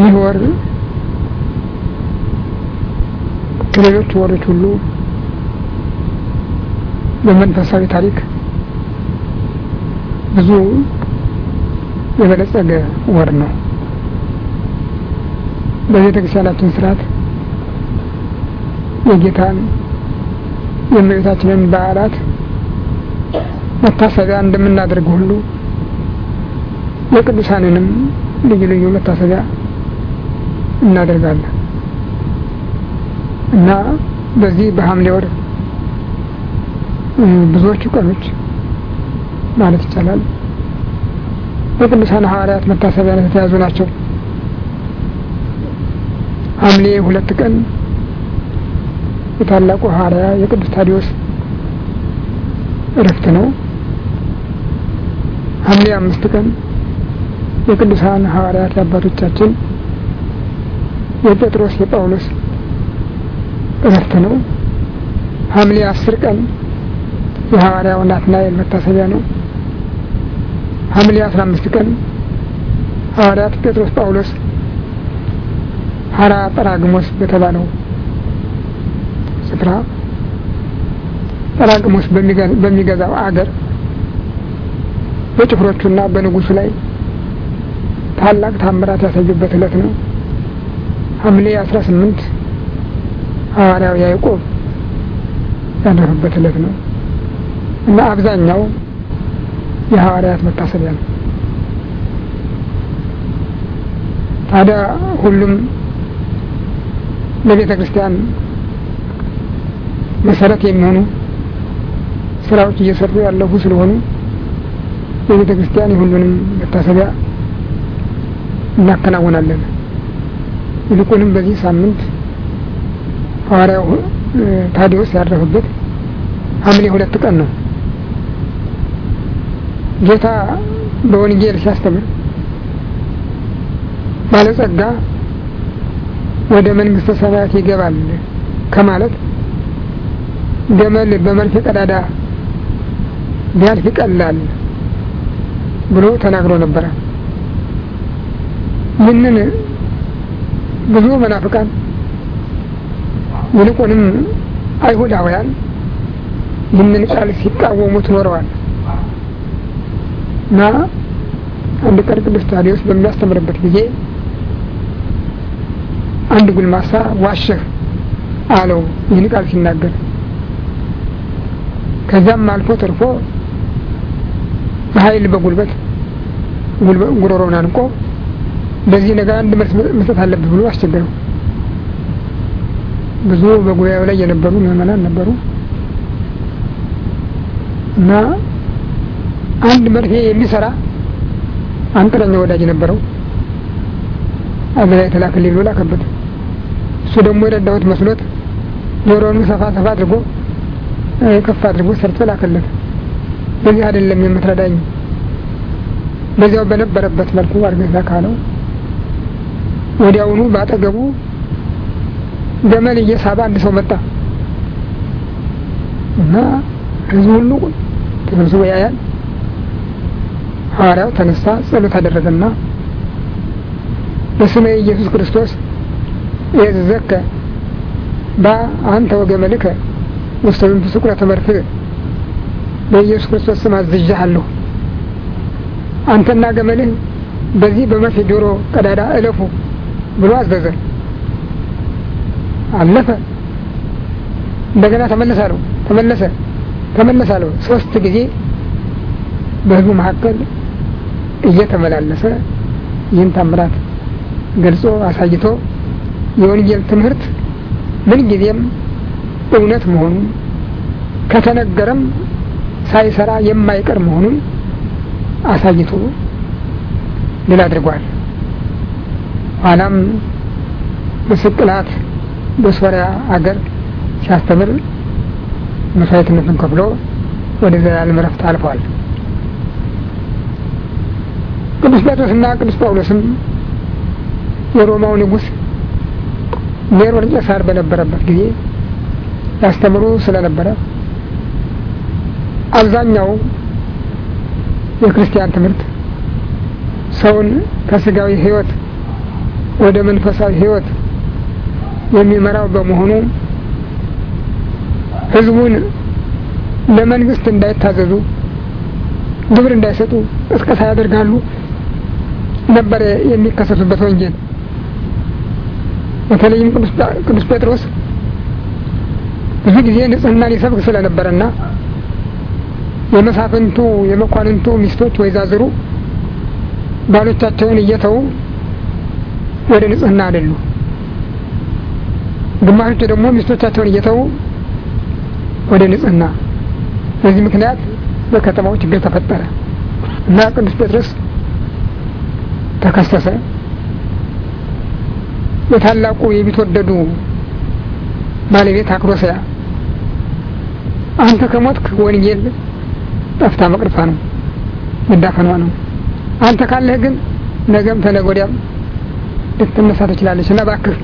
ይህ ወር ከሌሎች ወሮች ሁሉ በመንፈሳዊ ታሪክ ብዙ የበለጸገ ወር ነው። በቤተ ክርስቲያናችን ስርዓት የጌታን የመቤታችንን በዓላት መታሰቢያ እንደምናደርግ ሁሉ የቅዱሳንንም ልዩ ልዩ መታሰቢያ እናደርጋለን እና በዚህ በሐምሌ ወር ብዙዎቹ ቀኖች ማለት ይቻላል በቅዱሳን ሐዋርያት መታሰቢያ የተያዙ ናቸው። ሐምሌ ሁለት ቀን የታላቁ ሐዋርያ የቅዱስ ታዲዎስ እረፍት ነው። ሐምሌ አምስት ቀን የቅዱሳን ሐዋርያት የአባቶቻችን የጴጥሮስ የጳውሎስ እረፍት ነው። ሐምሌ አስር ቀን የሐዋርያው ናትናኤል መታሰቢያ ነው። ሐምሌ አስራ አምስት ቀን ሐዋርያት ጴጥሮስ፣ ጳውሎስ ሐራ ጠራግሞስ በተባለው ስፍራ ጠራግሞስ በሚገዛው አገር በጭፍሮቹና በንጉሱ ላይ ታላቅ ታምራት ያሳዩበት እለት ነው። ሐምሌ 18 ሐዋርያው ያዕቆብ ያረፈበት ዕለት ነው እና አብዛኛው የሐዋርያት መታሰቢያ ነው። ታዲያ ሁሉም ለቤተ ክርስቲያን መሰረት የሚሆኑ ስራዎች እየሰሩ ያለፉ ስለሆኑ የቤተ ክርስቲያን የሁሉንም መታሰቢያ እናከናወናለን። ይልቁንም በዚህ ሳምንት ሐዋርያው ታዲዎስ ያረፈበት ሐምሌ ሁለት ቀን ነው። ጌታ በወንጌል ሲያስተምር ባለጸጋ ወደ መንግስተ ሰማያት ይገባል ከማለት ገመል በመርፌ ቀዳዳ ቢያልፍ ይቀላል ብሎ ተናግሮ ነበረ። ይህንን ብዙ መናፍቃን ይልቁንም አይሁዳውያን ይህንን ቃል ሲቃወሙት ኖረዋል እና አንድ ቀን ቅዱስ ታዲዎስ በሚያስተምርበት ጊዜ አንድ ጉልማሳ ዋሸህ አለው ይህን ቃል ሲናገር ከዚያም አልፎ ተርፎ በኃይል በጉልበት ጉሮሮን አንቆ በዚህ ነገር አንድ መልስ መስጠት አለብህ ብሎ አስቸገረው። ብዙ በጉባኤው ላይ የነበሩ ምዕመናን ነበሩ እና አንድ መርፌ የሚሰራ አንጥረኛ ወዳጅ ነበረው። አገዛ የተላከልኝ ብሎ ላከበት። እሱ ደግሞ የረዳሁት መስሎት ጆሮውን ሰፋ ሰፋ አድርጎ ከፍ አድርጎ ሰርቶ ላከለት። በዚህ አይደለም የምትረዳኝ፣ በዚያው በነበረበት መልኩ አድርገህ ላካ ወዲያውኑ ባጠገቡ ገመል እየሳበ አንድ ሰው መጣ እና ህዝቡ ሁሉ ተሰብስቦ ያያል። ሐዋርያው ተነሳ፣ ጸሎት አደረገና በስመ ኢየሱስ ክርስቶስ የዘዘከ በአንተ ወገመልከ ውስተ መንፈስ ቁረተ መርፍእ በኢየሱስ ክርስቶስ ስም አዝዣሃለሁ። አንተና ገመልህ በዚህ በመርፌ ጆሮ ቀዳዳ እለፉ ብሎ አዘዘ። አለፈ። እንደገና ተመለሰ አለው። ተመለሰ ተመለሰ አለው። ሶስት ጊዜ በህዝቡ መካከል እየተመላለሰ ይህን ታምራት ገልጾ አሳይቶ የወንጌል ትምህርት ምን ጊዜም እውነት መሆኑን ከተነገረም ሳይሰራ የማይቀር መሆኑን አሳይቶ ድል አድርጓል። ኋላም በስቅላት በሶሪያ አገር ሲያስተምር መስዋዕትነትን ከፍሎ ወደ ዘላለም ረፍት አልፈዋል። ቅዱስ ጴጥሮስና ቅዱስ ጳውሎስም የሮማው ንጉሥ ኔሮን ቄሳር በነበረበት ጊዜ ያስተምሩ ስለነበረ አብዛኛው የክርስቲያን ትምህርት ሰውን ከስጋዊ ሕይወት ወደ መንፈሳዊ ህይወት የሚመራው በመሆኑ ህዝቡን ለመንግስት እንዳይታዘዙ ግብር እንዳይሰጡ ቅስቀሳ ያደርጋሉ ነበር የሚከሰሱበት ወንጀል። በተለይም ቅዱስ ጴጥሮስ ብዙ ጊዜ ንጽህናን ይሰብክ ስለነበረና የመሳፍንቱ የመኳንንቱ ሚስቶች ወይዛዝሩ ባሎቻቸውን እየተው ወደ ንጽህና አይደሉ። ግማሾቹ ደግሞ ሚስቶቻቸውን እየተዉ ወደ ንጽህና። በዚህ ምክንያት በከተማው ችግር ተፈጠረ እና ቅዱስ ጴጥሮስ ተከሰሰ። የታላቁ የሚትወደዱ ባለቤት አክሮስያ አንተ ከሞትክ ወንጌል ጠፍታ መቅረቷ ነው መዳፈኗ ነው። አንተ ካለህ ግን ነገም ተነጎዲያም ልትነሳ ትችላለች እና እባክህ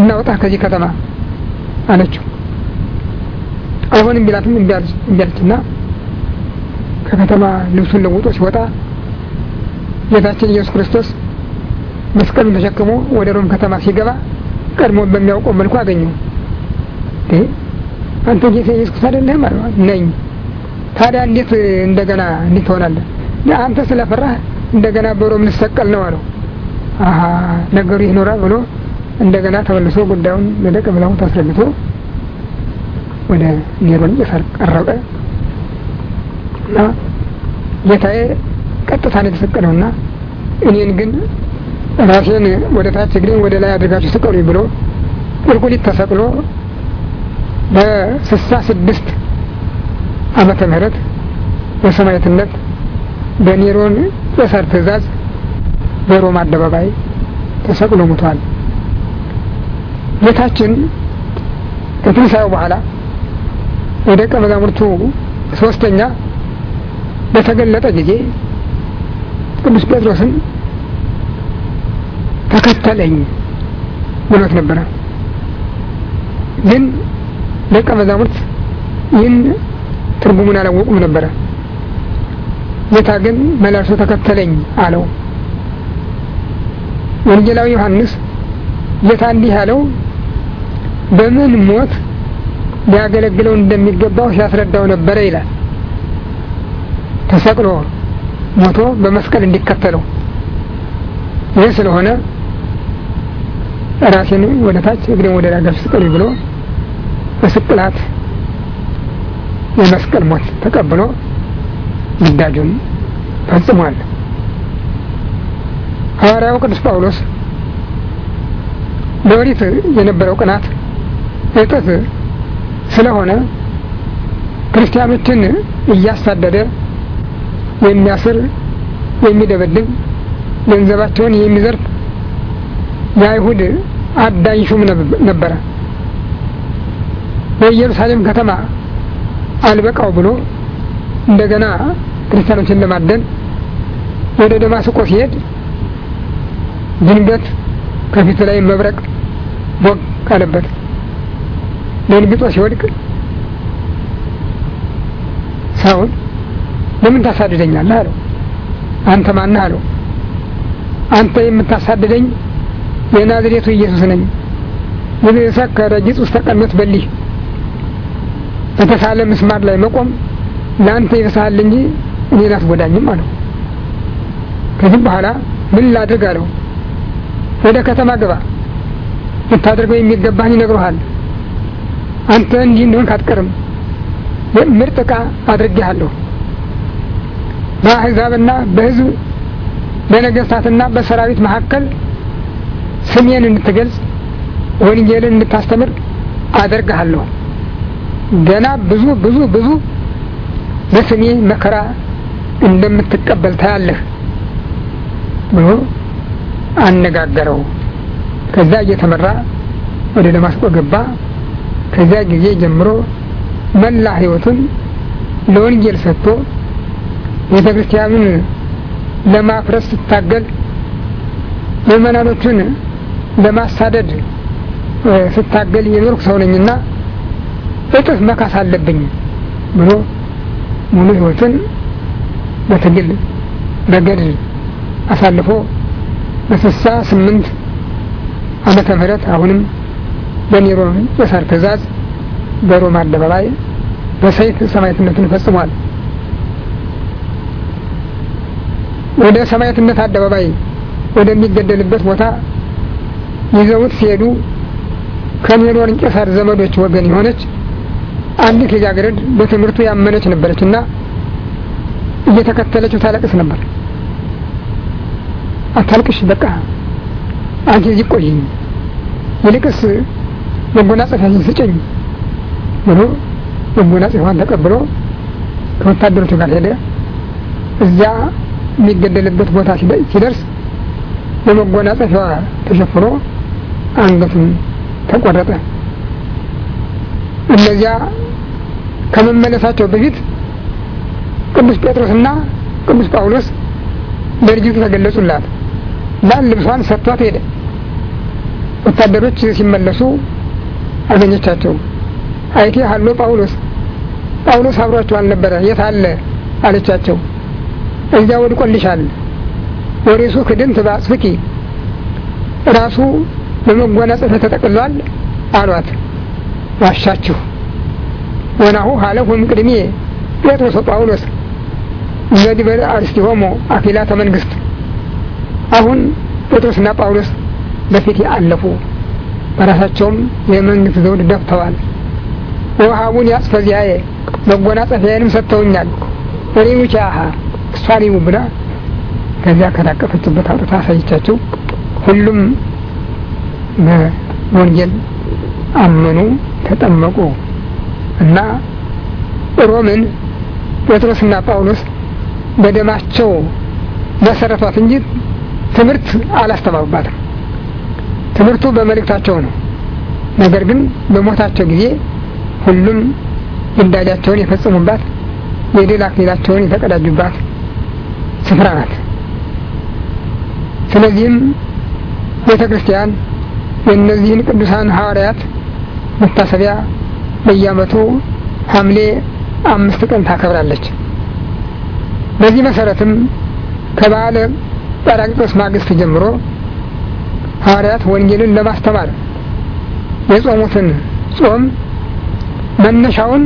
እናውጣ ከዚህ ከተማ አለችው። አይሆንም ቢላትም እምቢያለችና ከከተማ ልብሱን ለውጦ ሲወጣ ጌታችን ኢየሱስ ክርስቶስ መስቀሉን ተሸክሞ ወደ ሮም ከተማ ሲገባ ቀድሞ በሚያውቀው መልኩ አገኘው። አንተ ጌታ ኢየሱስ ክርስቶስ አይደለህም? አለ። ነኝ። ታዲያ እንዴት እንደገና እንዴት ትሆናለህ? አንተ ስለፈራህ እንደገና በሮም ልሰቀል ነው አለው። ነገሩ ይህ ብሎ እንደገና ተመልሶ ጉዳዩን ለደቀ መዛሙርት አስረድቶ ወደ ኔሮን ቀረበ እና ጌታዬ ቀጥታ ነው የተሰቀለውና እኔን ግን ራሴን ወደ ታች እግሬን ወደ ላይ አድርጋችሁ ስቀሉኝ ብሎ ቁልቁሊት ተሰቅሎ በስሳ ስድስት አመተ ምህረት በሰማዕትነት በኔሮን ቄሳር ትእዛዝ በሮም አደባባይ ተሰቅሎ ሙቷል። ጌታችን ከትንሣኤው በኋላ የደቀ መዛሙርቱ ሶስተኛ በተገለጠ ጊዜ ቅዱስ ጴጥሮስን ተከተለኝ ብሎት ነበረ። ግን ደቀ መዛሙርት ይህን ትርጉሙን አላወቁም ነበረ። ጌታ ግን መላሶ ተከተለኝ አለው። ወንጌላዊ ዮሐንስ ጌታ እንዲህ ያለው በምን ሞት ሊያገለግለው እንደሚገባው ሲያስረዳው ነበረ ይላል። ተሰቅሎ ሞቶ በመስቀል እንዲከተለው ይህ ስለሆነ ራሴን ወደ ታች እግሬን ወደ ላይ ስቀሉኝ ብሎ በስቅላት የመስቀል ሞት ተቀብሎ ግዳጁን ፈጽሟል። ሐዋርያው ቅዱስ ጳውሎስ በኦሪት የነበረው ቅናት እጥፍ ስለሆነ ክርስቲያኖችን እያሳደደ የሚያስር፣ የሚደበድብ፣ ገንዘባቸውን የሚዘርፍ የአይሁድ አዳኝ ሹም ነበረ። በኢየሩሳሌም ከተማ አልበቃው ብሎ እንደገና ክርስቲያኖችን ለማደን ወደ ደማስቆ ሲሄድ ድንገት ከፊቱ ላይ መብረቅ ቦግ አለበት። ደንግጦ ሲወድቅ ሰውን ለምን ታሳድደኛለህ አለው። አንተ ማነህ አለው። አንተ የምታሳድደኝ የናዝሬቱ ኢየሱስ ነኝ። የሰከረ ጊጽ ውስጥ ተቀመጥ በሊህ በተሳለ ምስማር ላይ መቆም ለአንተ ይበሳል እንጂ እኔን አትጎዳኝም አለው። ከዚህ በኋላ ምን ላድርግ አለው። ወደ ከተማ ግባ፣ ልታደርገው የሚገባህን ይነግሩሃል። አንተ እንዲህ እንደሆን ካትቀርም ምርጥ እቃ አድርጌሃለሁ። በአሕዛብና በህዝብ በነገስታትና በሰራዊት መካከል ስሜን እንድትገልጽ ወንጌልን እንድታስተምር አደርግሃለሁ። ገና ብዙ ብዙ ብዙ በስሜ መከራ እንደምትቀበል ታያለህ ብሎ አነጋገረው። ከዛ እየተመራ ወደ ደማስቆ ገባ። ከዚያ ጊዜ ጀምሮ መላ ህይወቱን ለወንጌል ሰጥቶ ቤተ ክርስቲያኑን ለማፍረስ ስታገል፣ ምእመናኖቹን ለማሳደድ ስታገል የኖርኩ ሰው ነኝና እጥፍ መካስ አለብኝ ብሎ ሙሉ ህይወትን በትግል በገድል አሳልፎ በስሳ ስምንት ዓመተ ምህረት አሁንም በኔሮ ቄሳር ትእዛዝ በሮማ አደባባይ በሰይፍ ሰማዕትነትን ፈጽሟል። ወደ ሰማዕትነት አደባባይ ወደሚገደልበት ቦታ ይዘውት ሲሄዱ ከኔሮን ቄሳር ዘመዶች ወገን የሆነች አንዲት ልጃገረድ በትምህርቱ ያመነች ነበረች እና እየተከተለችው ታለቅስ ነበር። አታልቅሽ፣ በቃ አንቺ እዚህ ቆይኝ፣ ይልቅስ መጎናጸፊያኝ ስጭኝ ብሎ መጎናጸፊያዋን ተቀብሎ ከወታደሮቹ ጋር ሄደ። እዚያ የሚገደልበት ቦታ ሲደርስ በመጎናጸፊያዋ ተሸፍኖ አንገቱን ተቆረጠ። እነዚያ ከመመለሳቸው በፊት ቅዱስ ጴጥሮስና ቅዱስ ጳውሎስ ለልጅቱ ተገለጹላት። ባል ልብሷን ሰጥቷት ሄደ። ወታደሮች ሲመለሱ አገኘቻቸው። አይቴ ሀሎ ጳውሎስ ጳውሎስ አብሯቸው አልነበረ የት አለ አለቻቸው። እዚያ ወድቆልሻል፣ ወሬሱ ክድን ትባጽፍኪ ራሱ በመጎናጸፊያ ተጠቅሏል አሏት። ዋሻችሁ ወናሁ ሀለሁም ቅድሜ ጴጥሮስ ጳውሎስ ዘዲበ አርስቲሆሞ አፊላተ መንግስት አሁን ጴጥሮስና ጳውሎስ በፊት ያለፉ በራሳቸውም የመንግስት ዘውድ ደፍተዋል። ወሃቡን ያጽፈዚያዬ መጎናጸፊያዬንም ሰጥተውኛል ሪሙቻሃ እሷኒሙ ብላ ከዚያ ከታቀፈችበት አውጥታ አሳየቻቸው። ሁሉም በወንጌል አመኑ፣ ተጠመቁ እና ሮምን ጴጥሮስና ጳውሎስ በደማቸው መሰረቷት እንጂ ትምህርት አላስተማሩባትም። ትምህርቱ በመልእክታቸው ነው። ነገር ግን በሞታቸው ጊዜ ሁሉም ግዳጃቸውን የፈጸሙባት የድል አክሊላቸውን የተቀዳጁባት ስፍራ ናት። ስለዚህም ቤተ ክርስቲያን የእነዚህን ቅዱሳን ሐዋርያት መታሰቢያ በየዓመቱ ሐምሌ አምስት ቀን ታከብራለች። በዚህ መሰረትም ከበዓለ በጰራቅሊጦስ ማግስት ጀምሮ ሐዋርያት ወንጌልን ለማስተማር የጾሙትን ጾም መነሻውን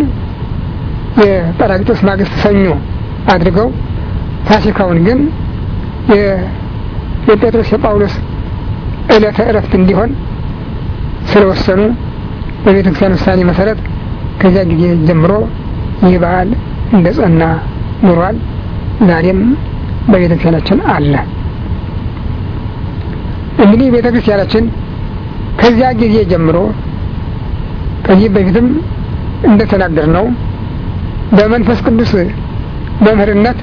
የጰራቅሊጦስ ማግስት ሰኞ አድርገው ፋሲካውን ግን የጴጥሮስ የጳውሎስ ዕለተ እረፍት እንዲሆን ስለወሰኑ በቤተ ክርስቲያን ውሳኔ መሰረት ከዚያ ጊዜ ጀምሮ ይህ በዓል እንደ ጸና ኑሯል። ዛሬም በቤተ ክርስቲያናችን አለ። እንግዲህ ቤተ ክርስቲያናችን ከዚያ ጊዜ ጀምሮ ከዚህ በፊትም እንደተናገር ነው በመንፈስ ቅዱስ መምህርነት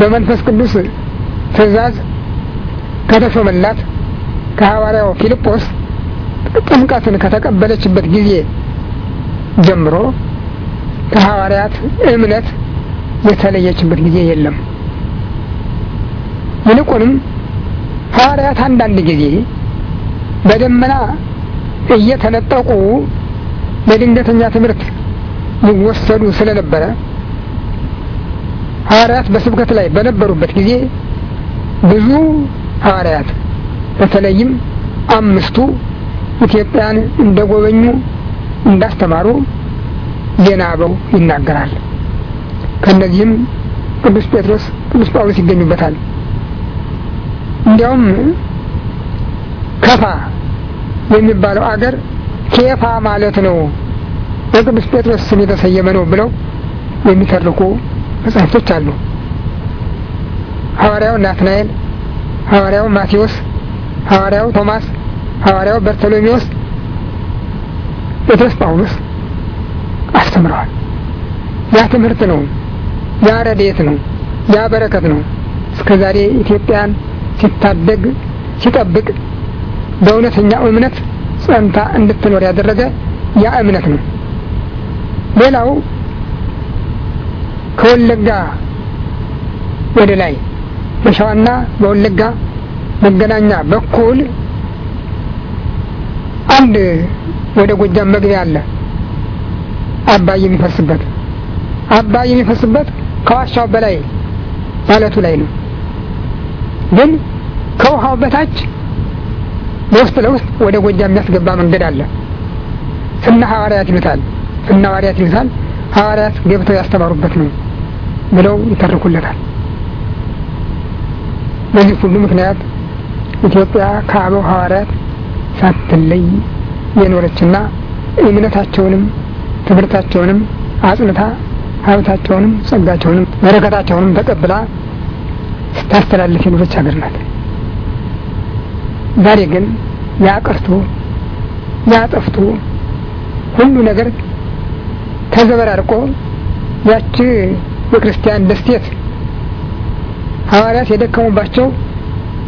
በመንፈስ ቅዱስ ትእዛዝ ከተሾመላት ከሐዋርያው ፊልጶስ ጥምቀትን ከተቀበለችበት ጊዜ ጀምሮ ከሐዋርያት እምነት የተለየችበት ጊዜ የለም። ይልቁንም ሐዋርያት አንዳንድ ጊዜ በደመና እየተነጠቁ ለድንገተኛ ትምህርት ሊወሰዱ ስለነበረ ሐዋርያት በስብከት ላይ በነበሩበት ጊዜ ብዙ ሐዋርያት በተለይም አምስቱ ኢትዮጵያን እንደጎበኙ እንዳስተማሩ ዜና አበው ይናገራል። ከእነዚህም ቅዱስ ጴጥሮስ፣ ቅዱስ ጳውሎስ ይገኙበታል። እንዲያውም ከፋ የሚባለው አገር ኬፋ ማለት ነው በቅዱስ ጴጥሮስ ስም የተሰየመ ነው ብለው የሚተርኩ መጽሐፍቶች አሉ። ሐዋርያው ናትናኤል፣ ሐዋርያው ማቴዎስ፣ ሐዋርያው ቶማስ፣ ሐዋርያው በርቶሎሜዎስ፣ ጴጥሮስ፣ ጳውሎስ አስተምረዋል። ያ ትምህርት ነው፣ ያ ረድኤት ነው፣ ያ በረከት ነው እስከ ዛሬ ኢትዮጵያን ሲታደግ ሲጠብቅ በእውነተኛው እምነት ጸንታ እንድትኖር ያደረገ ያ እምነት ነው። ሌላው ከወለጋ ወደ ላይ በሸዋና በወለጋ መገናኛ በኩል አንድ ወደ ጎጃም መግቢያ አለ። አባይ የሚፈስበት አባይ የሚፈስበት ከዋሻው በላይ ማለቱ ላይ ነው ግን ከውሃው በታች በውስጥ ለውስጥ ወደ ጎጃም የሚያስገባ መንገድ አለ። ስና ሐዋርያት ይሉታል። ስና ሐዋርያት ይሉታል። ሐዋርያት ገብተው ያስተማሩበት ነው ብለው ይተርኩለታል። በዚህ ሁሉ ምክንያት ኢትዮጵያ ከአበው ሐዋርያት ሳትለይ የኖረችና እምነታቸውንም ትምህርታቸውንም አጽንታ ሀብታቸውንም ጸጋቸውንም በረከታቸውንም ተቀብላ ስታስተላልፍ የኖረች ሀገር ናት። ዛሬ ግን ያቀርቶ ያጠፍቶ ሁሉ ነገር ተዘበራርቆ ያቺ የክርስቲያን ደሴት ሐዋርያት የደከሙባቸው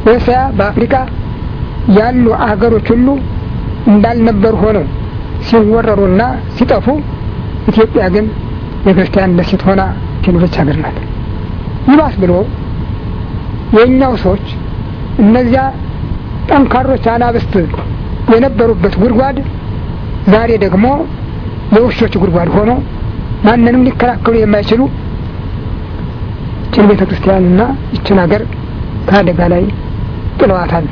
በእስያ በአፍሪካ ያሉ አገሮች ሁሉ እንዳልነበሩ ሆነው ሲወረሩና ሲጠፉ ኢትዮጵያ ግን የክርስቲያን ደሴት ሆና ቴኖቶች ሀገር ናት። ይባስ ብሎ የእኛው ሰዎች እነዚያ ጠንካሮች አናብስት የነበሩበት ጉድጓድ ዛሬ ደግሞ የውሾች ጉድጓድ ሆኖ ማንንም ሊከላከሉ የማይችሉ ችን ቤተ ክርስቲያንና ይችን ሀገር ከአደጋ ላይ ጥለዋታል።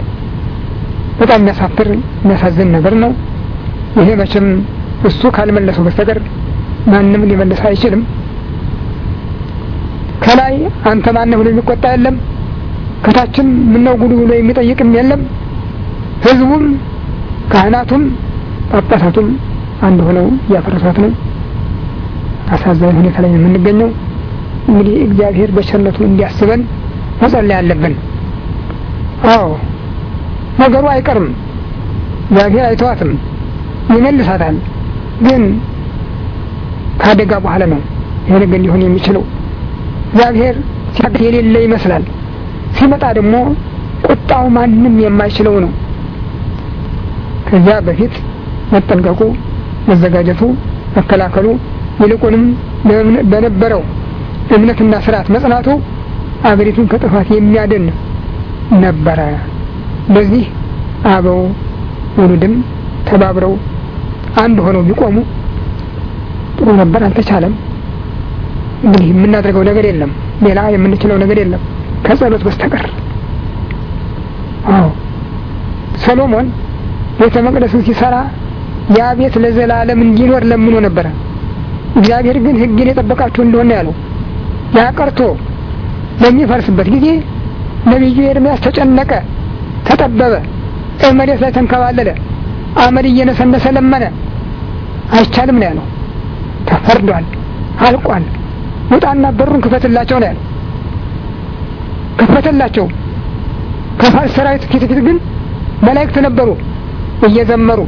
በጣም የሚያሳፍር የሚያሳዝን ነገር ነው። ይሄ መቼም እሱ ካልመለሰው በስተቀር ማንም ሊመለስ አይችልም። ከላይ አንተ ማነህ ብሎ የሚቆጣ የለም፣ ከታችም ምነው ጉዱ ብሎ የሚጠይቅም የለም። ህዝቡም ካህናቱም ጳጳሳቱም አንድ ሆነው እያፈረሷት ነው። አሳዛኝ ሁኔታ ላይ የምንገኘው እንግዲህ እግዚአብሔር በቸርነቱ እንዲያስበን መጸለይ አለብን። አዎ ነገሩ አይቀርም። እግዚአብሔር አይተዋትም፣ ይመልሳታል። ግን ከአደጋ በኋላ ነው ይሄ ነገር ሊሆን የሚችለው። እግዚአብሔር የሌለ ይመስላል፣ ሲመጣ ደግሞ ቁጣው ማንም የማይችለው ነው። ከዚያ በፊት መጠንቀቁ፣ መዘጋጀቱ፣ መከላከሉ ይልቁንም በነበረው እምነትና ስርዓት መጽናቱ አገሪቱን ከጥፋት የሚያድን ነበረ። በዚህ አበው ውሉድም ተባብረው አንድ ሆነው ቢቆሙ ጥሩ ነበር። አልተቻለም። እንግዲህ የምናደርገው ነገር የለም። ሌላ የምንችለው ነገር የለም ከጸሎት በስተቀር። አዎ ሰሎሞን ቤተ መቅደስን ሲሰራ ያ ቤት ለዘላለም እንዲኖር ለምኖ ነበረ። እግዚአብሔር ግን ሕግን የጠበቃችሁ እንደሆነ ያለው ያ ቀርቶ በሚፈርስበት ጊዜ ነቢዩ ኤርሚያስ ተጨነቀ፣ ተጠበበ፣ መሬት ላይ ተንከባለለ፣ አመድ እየነሰነሰ ለመነ። አይቻልም ነው ያለው። ተፈርዷል፣ አልቋል፣ ውጣና በሩን ክፈትላቸው ነው ያለው። ክፈትላቸው። ከፋርስ ሰራዊት ፊት ፊት ግን መላእክት ነበሩ። እየዘመሩ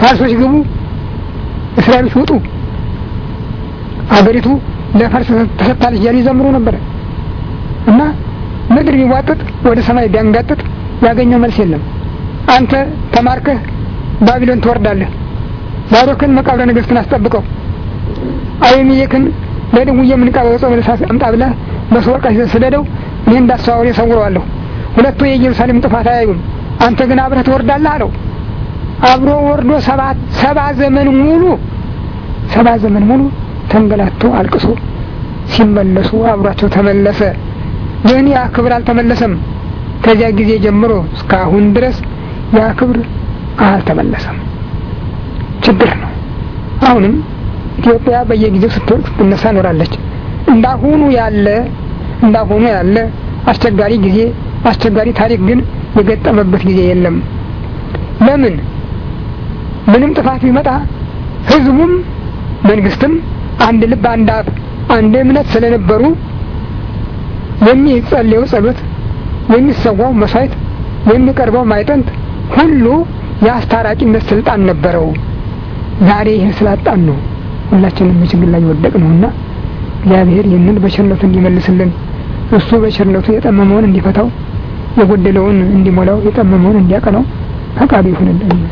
ፋርሶች ግቡ፣ እስራኤሎች ውጡ፣ አገሪቱ ለፋርስ ተሰጥታለች እያሉ ይዘምሩ ነበረ እና ምድር ቢዋጥጥ ወደ ሰማይ ቢያንጋጥጥ ያገኘው መልስ የለም። አንተ ተማርከህ ባቢሎን ትወርዳለህ፣ ባሮክን መቃብረ ነገስትን አስጠብቀው፣ አይሚየክን ለድውዬ ምንቃበ ወጾ መለሳት አምጣ ብለህ በሶወርቃ ሲዘን ስደደው፣ እኔ እንዳስተዋወር የሰውረዋለሁ። ሁለቱ የኢየሩሳሌም ጥፋት አያዩም፣ አንተ ግን አብረህ ትወርዳለህ አለው። አብሮ ወርዶ ሰባ ዘመን ሙሉ ሰባ ዘመን ሙሉ ተንገላቶ አልቅሶ ሲመለሱ አብሯቸው ተመለሰ። ግን ያ ክብር አልተመለሰም። ከዚያ ጊዜ ጀምሮ እስካሁን ድረስ ያ ክብር አልተመለሰም። ችግር ነው። አሁንም ኢትዮጵያ በየጊዜው ስትወድቅ ስትነሳ ኖራለች። እንዳሁኑ ያለ እንዳሁኑ ያለ አስቸጋሪ ጊዜ አስቸጋሪ ታሪክ ግን የገጠመበት ጊዜ የለም። ለምን ምንም ጥፋት ቢመጣ ህዝቡም መንግስትም አንድ ልብ፣ አንድ አብ፣ አንድ እምነት ስለነበሩ የሚጸለየው ጸሎት፣ የሚሰዋው መስዋዕት፣ የሚቀርበው ማይጠንት ሁሉ የአስታራቂነት ስልጣን ነበረው። ዛሬ ይህን ስላጣን ነው ሁላችንም በችግር ላይ ወደቅ ነውና እግዚአብሔር ይህንን በቸርነቱ እንዲመልስልን እሱ በቸርነቱ የጠመመውን እንዲፈታው የጎደለውን እንዲሞላው የጠመመውን እንዲያቀነው ፈቃዱ ይሁንልን።